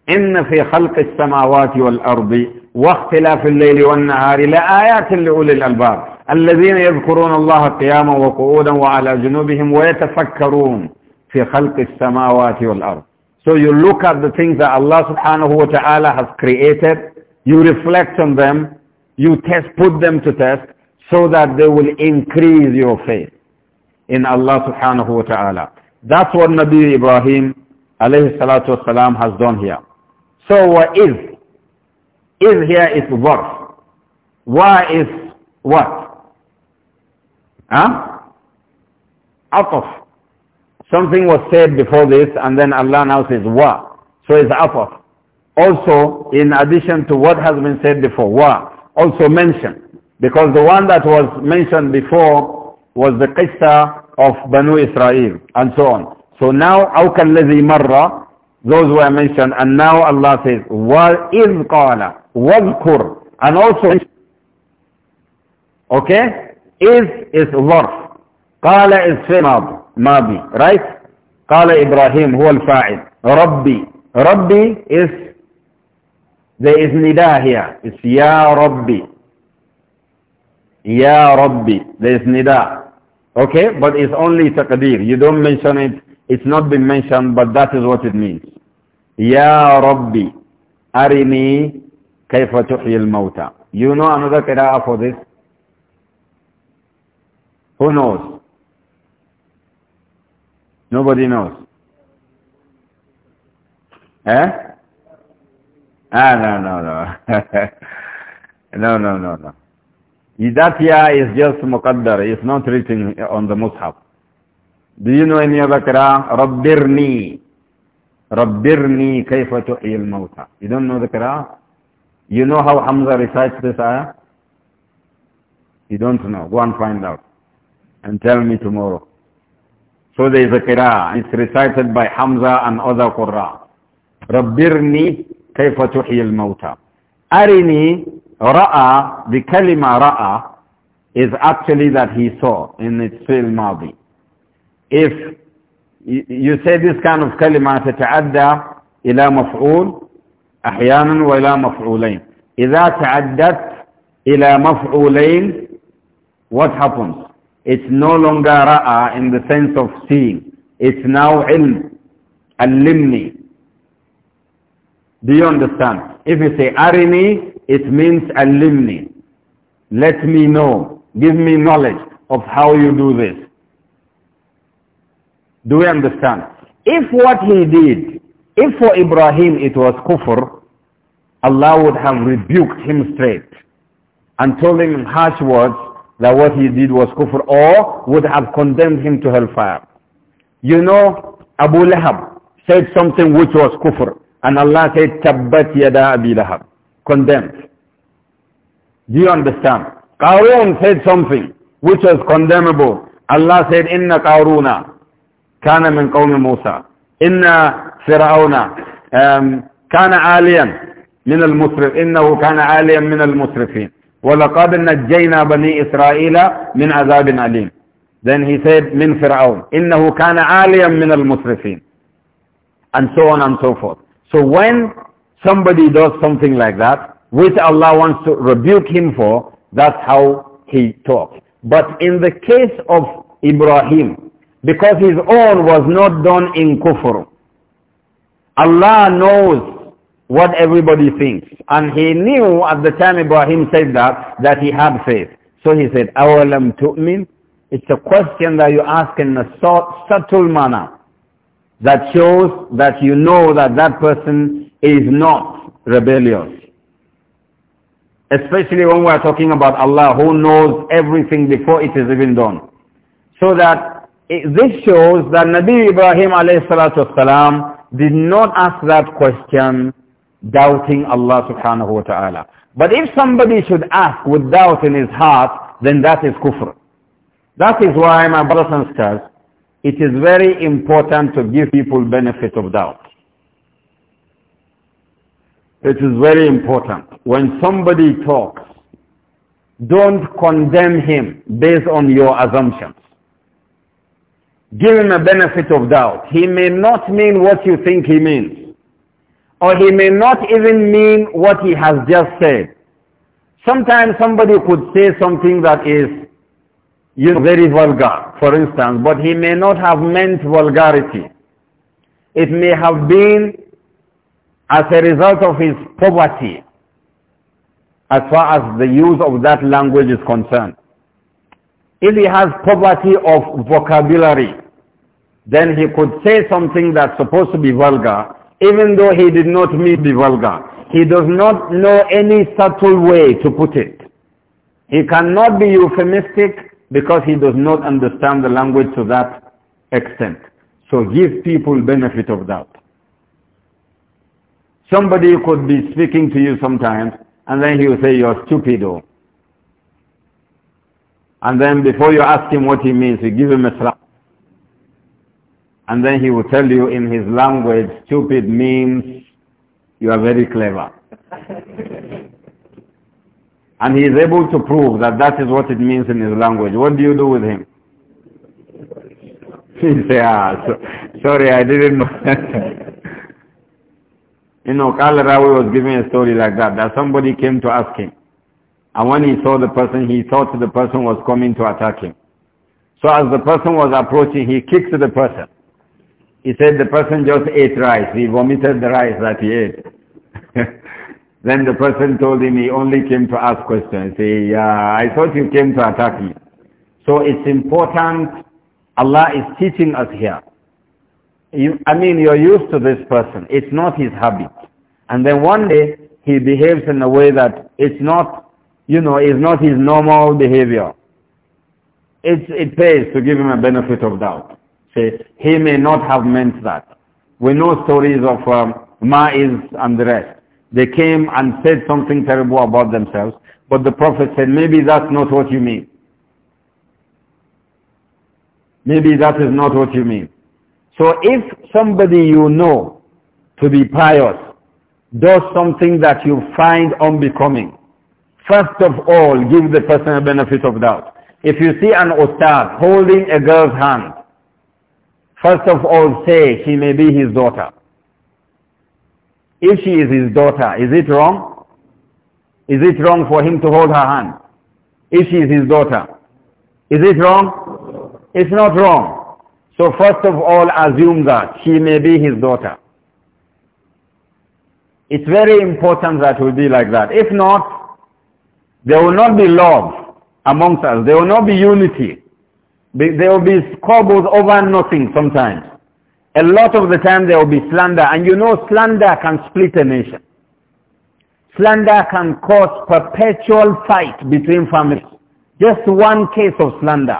إن في خلق السماوات والأرض واختلاف الليل والنهار لآيات لأولي الألباب الذين يذكرون الله قياما وقعودا وعلى جنوبهم ويتفكرون في خلق السماوات والأرض. So you look at the things that Allah subhanahu wa ta'ala has created you reflect on them. You test, put them to test so that they will increase your faith in Allah subhanahu wa ta'ala. That's what Nabi Ibrahim alayhi salatu wasalam has done here. So what is? Is here is verse. Why is what? Huh? Ataf. Something was said before this and then Allah now says wa. So it's ataf also, in addition to what has been said before, were also mentioned. Because the one that was mentioned before was the qissa of Banu Israel and so on. So now, أَوْكَ الَّذِي marra Those were mentioned. And now Allah says, وَإِذْ qala? وَاذْكُرْ And also, okay? Is is ظرف. قال is في mabi, ماضي. Right? قال إبراهيم هو الفاعل. ربي. ربي is there is nida here. It's Ya Rabbi. Ya Rabbi. There is nida. Okay? But it's only taqdeer. You don't mention it. It's not been mentioned, but that is what it means. Ya Rabbi. Arini kayfa tuhyi mawta You know another qira'ah for this? Who knows? Nobody knows. Eh? Ah, no, no, no. [LAUGHS] no, no, no, no. That ya is just muqaddar. It's not written on the mushaf. Do you know any other qira'ah? Rabbirni. Rabbirni kayfa tu'i al-mawta. You don't know the qira'ah? You know how Hamza recites this ayah? You don't know. Go and find out. And tell me tomorrow. So there is a qira'ah. It's recited by Hamza and other qurra. Rabbirni كيف تحيي الموتى أرني رأى the رأى is actually that he saw in its fi'l madi. If you say this kind of كلمة تتعدى إلى مفعول أحيانا وإلى مفعولين إذا تعدت إلى مفعولين what happens? It's no longer رأى in the sense of seeing. It's now علم علمني. Do you understand? If you say arini, it means alimni. Let me know. Give me knowledge of how you do this. Do we understand? If what he did, if for Ibrahim it was kufr, Allah would have rebuked him straight and told him in harsh words that what he did was kufr or would have condemned him to hellfire. You know, Abu Lahab said something which was kufr. And Allah said, Tabbat yada Abi Lahab. Condemned. Do you understand? Qarun said something which was condemnable. Allah said, Inna Qaruna kana min qawmi Musa. Inna Fir'auna um, kana aliyan min al-Musrif. من المسرف kana aliyan min al-Musrifin. ولقد نجينا بني إسرائيل من عذاب أليم then he said من فرعون إنه كان عاليا من المسرفين and so on and so forth so when somebody does something like that, which Allah wants to rebuke him for, that's how he talks. But in the case of Ibrahim, because his own was not done in kufr, Allah knows what everybody thinks. And he knew at the time Ibrahim said that, that he had faith. So he said, أَوَلَمْ تُؤْمِنْ It's a question that you ask in a subtle manner that shows that you know that that person is not rebellious. Especially when we are talking about Allah who knows everything before it is even done. So that it, this shows that Nabi Ibrahim alayhi did not ask that question doubting Allah subhanahu wa ta'ala. But if somebody should ask with doubt in his heart, then that is kufr. That is why, my brothers and sisters, it is very important to give people benefit of doubt. It is very important. When somebody talks, don't condemn him based on your assumptions. Give him a benefit of doubt. He may not mean what you think he means. Or he may not even mean what he has just said. Sometimes somebody could say something that is you know, very vulgar, for instance, but he may not have meant vulgarity. It may have been as a result of his poverty as far as the use of that language is concerned. If he has poverty of vocabulary, then he could say something that's supposed to be vulgar, even though he did not mean the vulgar. He does not know any subtle way to put it. He cannot be euphemistic because he does not understand the language to that extent. So give people benefit of doubt. Somebody could be speaking to you sometimes and then he will say you're stupid. Oh. And then before you ask him what he means, you give him a slap. And then he will tell you in his language, stupid means you are very clever. [LAUGHS] and he is able to prove that that is what it means in his language, what do you do with him? [LAUGHS] He say, ah, so, sorry, I didn't know. [LAUGHS] you know, Karl Rawi was giving a story like that, that somebody came to ask him. And when he saw the person, he thought the person was coming to attack him. So as the person was approaching, he kicked the person. He said the person just ate rice. He vomited the rice that he ate. [LAUGHS] Then the person told him he only came to ask questions. He, uh, I thought you came to attack me. So it's important. Allah is teaching us here. You, I mean, you're used to this person. It's not his habit. And then one day, he behaves in a way that it's not, you know, it's not his normal behavior. It's, it pays to give him a benefit of doubt. Say, he may not have meant that. We know stories of um, Ma'iz and the rest they came and said something terrible about themselves, but the Prophet said, maybe that's not what you mean. Maybe that is not what you mean. So if somebody you know to be pious does something that you find unbecoming, first of all, give the person a benefit of doubt. If you see an ustad holding a girl's hand, first of all say she may be his daughter. If she is his daughter, is it wrong? Is it wrong for him to hold her hand? If she is his daughter. Is it wrong? It's not wrong. So first of all, assume that she may be his daughter. It's very important that will be like that. If not, there will not be love amongst us. There will not be unity. There will be squabbles over nothing sometimes. A lot of the time there will be slander. And you know slander can split a nation. Slander can cause perpetual fight between families. Just one case of slander.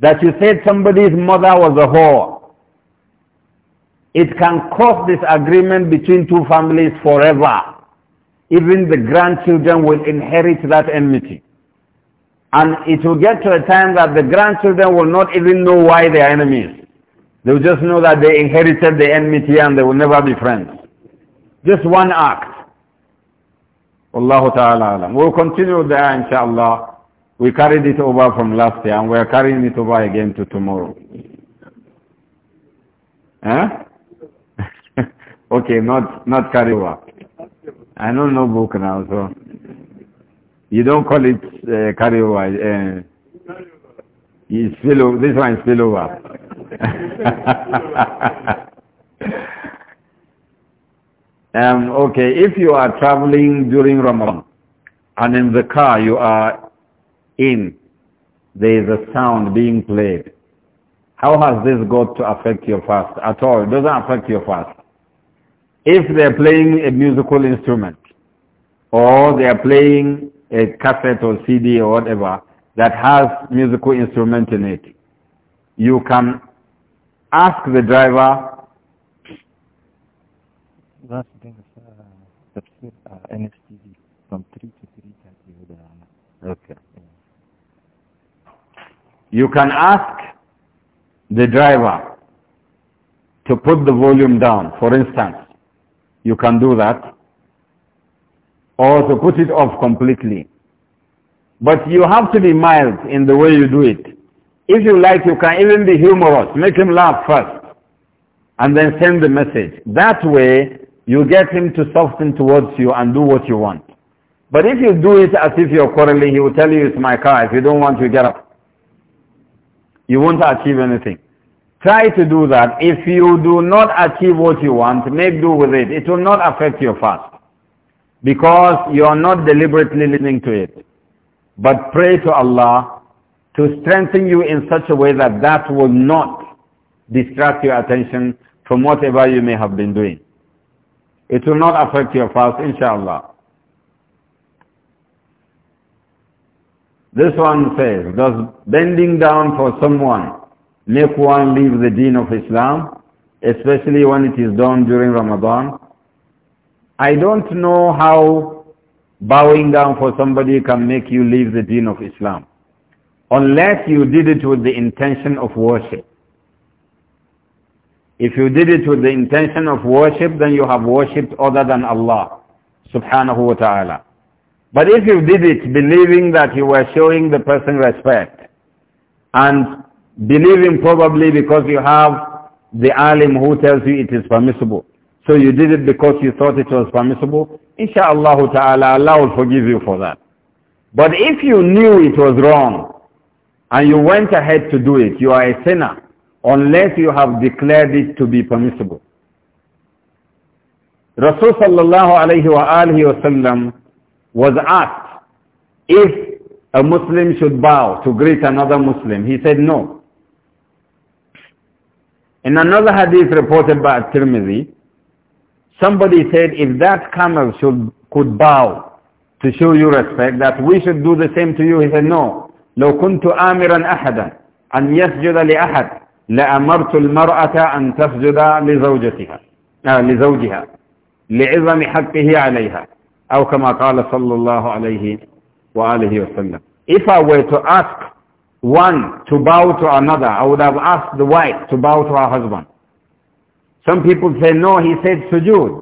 That you said somebody's mother was a whore. It can cause disagreement between two families forever. Even the grandchildren will inherit that enmity. And it will get to a time that the grandchildren will not even know why they are enemies. They will just know that they inherited the enmity and they will never be friends. Just one act. Allahu ta'ala alam. We'll continue there inshallah. We carried it over from last year and we're carrying it over again to tomorrow. Huh? [LAUGHS] okay, not, not carry over. I don't know book now, so. You don't call it uh, carry over. Uh, it's spillover. This one is spillover. [LAUGHS] um, okay, if you are traveling during Ramadan and in the car you are in, there is a sound being played. How has this got to affect your fast? At all, it doesn't affect your fast. If they're playing a musical instrument or they're playing a cassette or CD or whatever that has musical instrument in it, you can ask the driver last thing is uh, uh, from 3 to uh, Okay. You can ask the driver to put the volume down, for instance. You can do that. Or to put it off completely. But you have to be mild in the way you do it. If you like, you can even be humorous. Make him laugh first. And then send the message. That way, you get him to soften towards you and do what you want. But if you do it as if you're quarreling, he will tell you it's my car. If you don't want, to get up. You won't achieve anything. Try to do that. If you do not achieve what you want, make do with it. It will not affect your fast. Because you are not deliberately listening to it. But pray to Allah to strengthen you in such a way that that will not distract your attention from whatever you may have been doing. It will not affect your fast, inshallah. This one says, does bending down for someone make one leave the deen of Islam, especially when it is done during Ramadan? I don't know how bowing down for somebody can make you leave the deen of Islam unless you did it with the intention of worship. If you did it with the intention of worship, then you have worshipped other than Allah subhanahu wa ta'ala. But if you did it believing that you were showing the person respect and believing probably because you have the alim who tells you it is permissible, so you did it because you thought it was permissible, inshallah ta'ala, Allah will forgive you for that. But if you knew it was wrong and you went ahead to do it, you are a sinner unless you have declared it to be permissible. Rasul sallallahu alayhi wa alihi wasallam was asked if a Muslim should bow to greet another Muslim. He said no. In another hadith reported by tirmidhi somebody said if that camel should, could bow to show you respect, that we should do the same to you. He said no. لو كنت آمرا أحدا أن يسجد لأحد لأمرت المرأة أن تسجد لزوجتها آه لزوجها لعظم حقه عليها أو كما قال صلى الله عليه وآله وسلم If I were to ask one to bow to another, I would have asked the wife to bow to her husband. Some people say, no, he said sujood.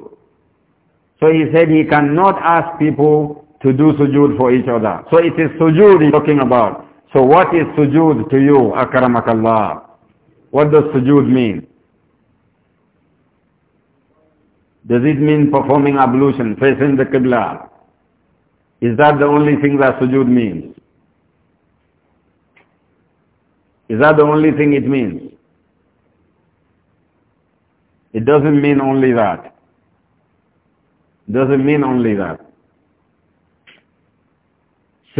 So he said he cannot ask people to do sujood for each other. So it is sujood are talking about. So what is sujood to you, akramakallah? What does sujood mean? Does it mean performing ablution, facing the Qibla? Is that the only thing that sujood means? Is that the only thing it means? It doesn't mean only that. It doesn't mean only that.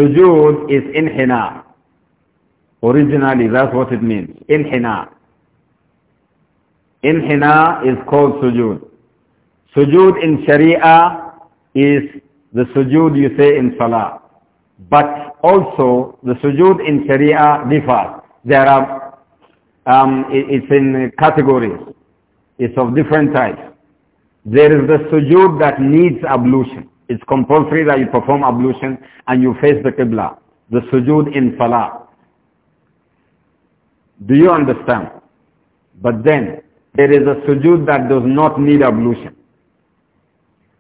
Sujood is inhina. Originally, that's what it means. Inhina. Inhina is called sujood. Sujood in Sharia is the sujood you say in Salah. But also, the sujood in Sharia differs. There are, um, it's in categories. It's of different types. There is the sujood that needs ablution. It's compulsory that you perform ablution and you face the Qibla, the sujood in Salah. Do you understand? But then, there is a sujood that does not need ablution.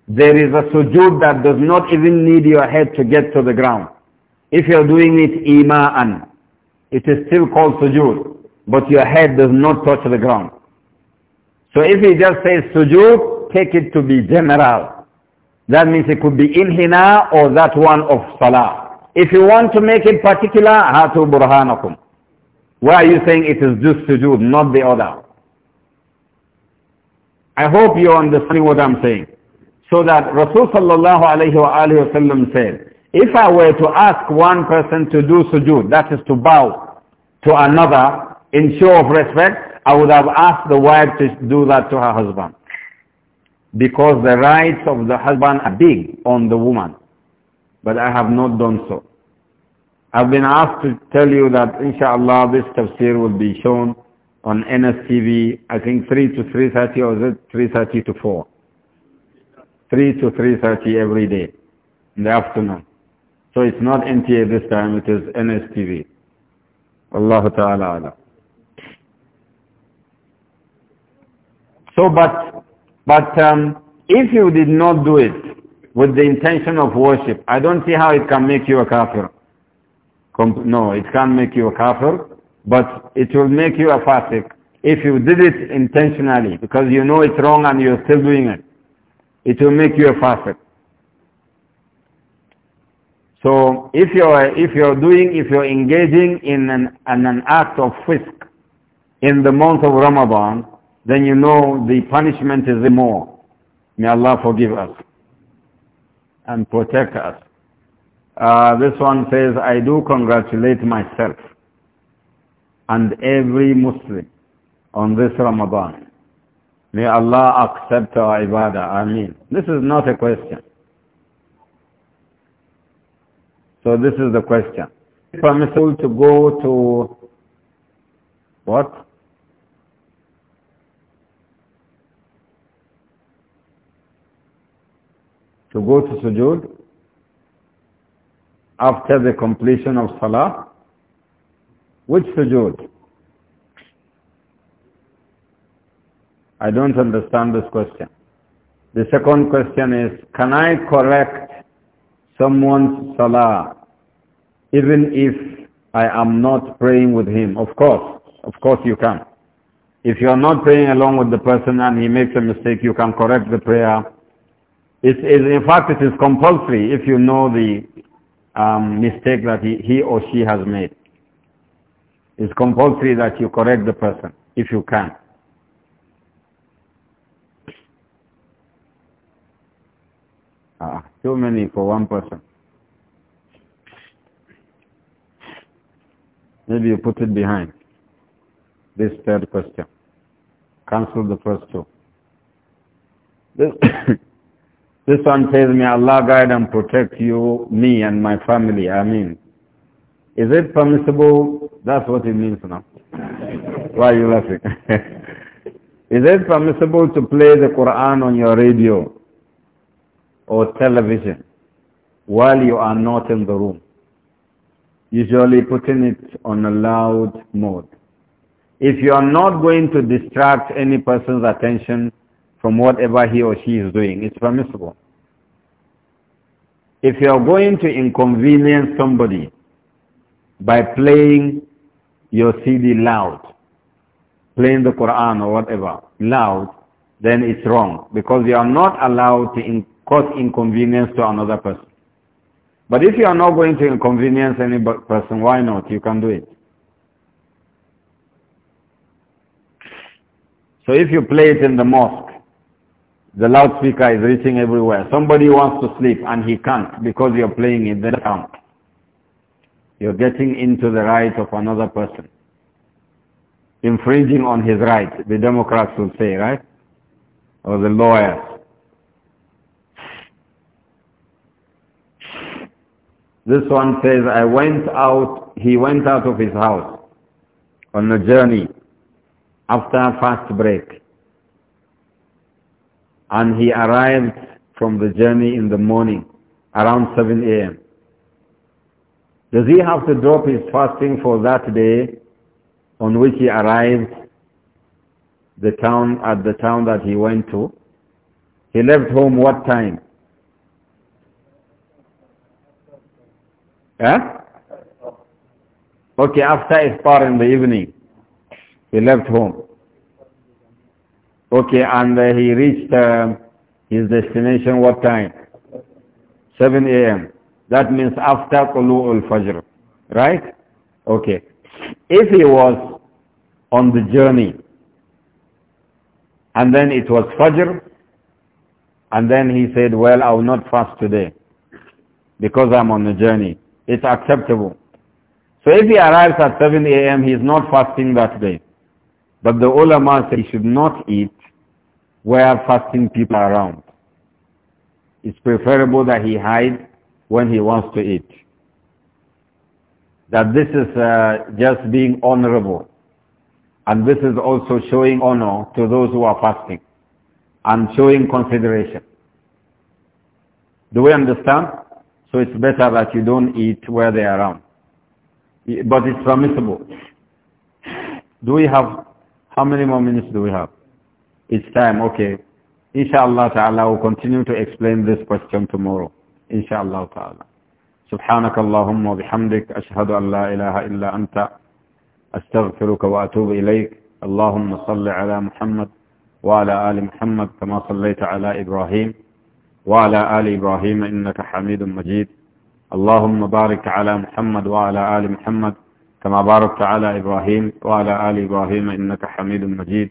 There is a sujood that does not even need your head to get to the ground. If you're doing it ima'an, it is still called sujood, but your head does not touch the ground. So if he just says sujood, take it to be general. That means it could be in hina or that one of salah. If you want to make it particular, hatu burhanakum. Why are you saying it is just sujood, not the other? I hope you understand what I'm saying. So that Rasulullah sallallahu alayhi wa said, if I were to ask one person to do sujood, that is to bow to another in show of respect, I would have asked the wife to do that to her husband because the rights of the husband are big on the woman. But I have not done so. I've been asked to tell you that inshallah this tafsir will be shown on NSTV, I think 3 to 3.30 or 3.30 to 4. 3 to 3.30 every day in the afternoon. So it's not NTA this time, it is NSTV. Allah Ta'ala So but but um, if you did not do it with the intention of worship, I don't see how it can make you a kafir. Com no, it can't make you a kafir, but it will make you a fasik if you did it intentionally, because you know it's wrong and you're still doing it. It will make you a fasik. So if you're, if you're doing, if you're engaging in an, in an act of fisk in the month of Ramadan, then you know the punishment is the more. May Allah forgive us and protect us. Uh, this one says, I do congratulate myself and every Muslim on this Ramadan. May Allah accept our ibadah. Ameen. This is not a question. So this is the question. Permissible to go to what? to go to sujood after the completion of salah? Which sujood? I don't understand this question. The second question is, can I correct someone's salah even if I am not praying with him? Of course, of course you can. If you are not praying along with the person and he makes a mistake, you can correct the prayer it is, in fact, it is compulsory if you know the um, mistake that he, he or she has made. It's compulsory that you correct the person if you can. Ah, too many for one person. Maybe you put it behind this third question. Cancel the first two. [COUGHS] This this one says, may Allah guide and protect you, me and my family. mean, Is it permissible? That's what it means now. [LAUGHS] Why are you laughing? [LAUGHS] Is it permissible to play the Quran on your radio or television while you are not in the room? Usually putting it on a loud mode. If you are not going to distract any person's attention, from whatever he or she is doing. It's permissible. If you are going to inconvenience somebody by playing your CD loud, playing the Quran or whatever loud, then it's wrong because you are not allowed to in cause inconvenience to another person. But if you are not going to inconvenience any person, why not? You can do it. So if you play it in the mosque, the loudspeaker is reaching everywhere. Somebody wants to sleep and he can't because you're playing in the town. You're getting into the right of another person. Infringing on his right, the Democrats will say, right? Or the lawyers. This one says, I went out, he went out of his house on a journey after fast break and he arrived from the journey in the morning around 7 a.m. Does he have to drop his fasting for that day on which he arrived the town at the town that he went to? He left home what time? Eh? Okay, after Iftar in the evening, he left home. Okay, and uh, he reached uh, his destination what time? 7 a.m. That means after Qulu'ul Fajr, right? Okay. If he was on the journey, and then it was Fajr, and then he said, well, I will not fast today, because I'm on the journey. It's acceptable. So if he arrives at 7 a.m., he is not fasting that day. But the ulama said he should not eat where fasting people are around. It's preferable that he hide when he wants to eat. That this is uh, just being honorable. And this is also showing honor to those who are fasting and showing consideration. Do we understand? So it's better that you don't eat where they are around. But it's permissible. Do we have, how many more minutes do we have? It's time, okay. Inshallah ta'ala, we'll continue to explain this question tomorrow. Inshallah ta'ala. سبحانك اللهم وبحمدك أشهد أن لا إله إلا أنت أستغفرك وأتوب إليك اللهم صل على محمد وعلى آل محمد كما صليت على إبراهيم وعلى آل إبراهيم إنك حميد مجيد اللهم بارك على محمد وعلى آل محمد كما باركت على إبراهيم وعلى آل إبراهيم إنك حميد مجيد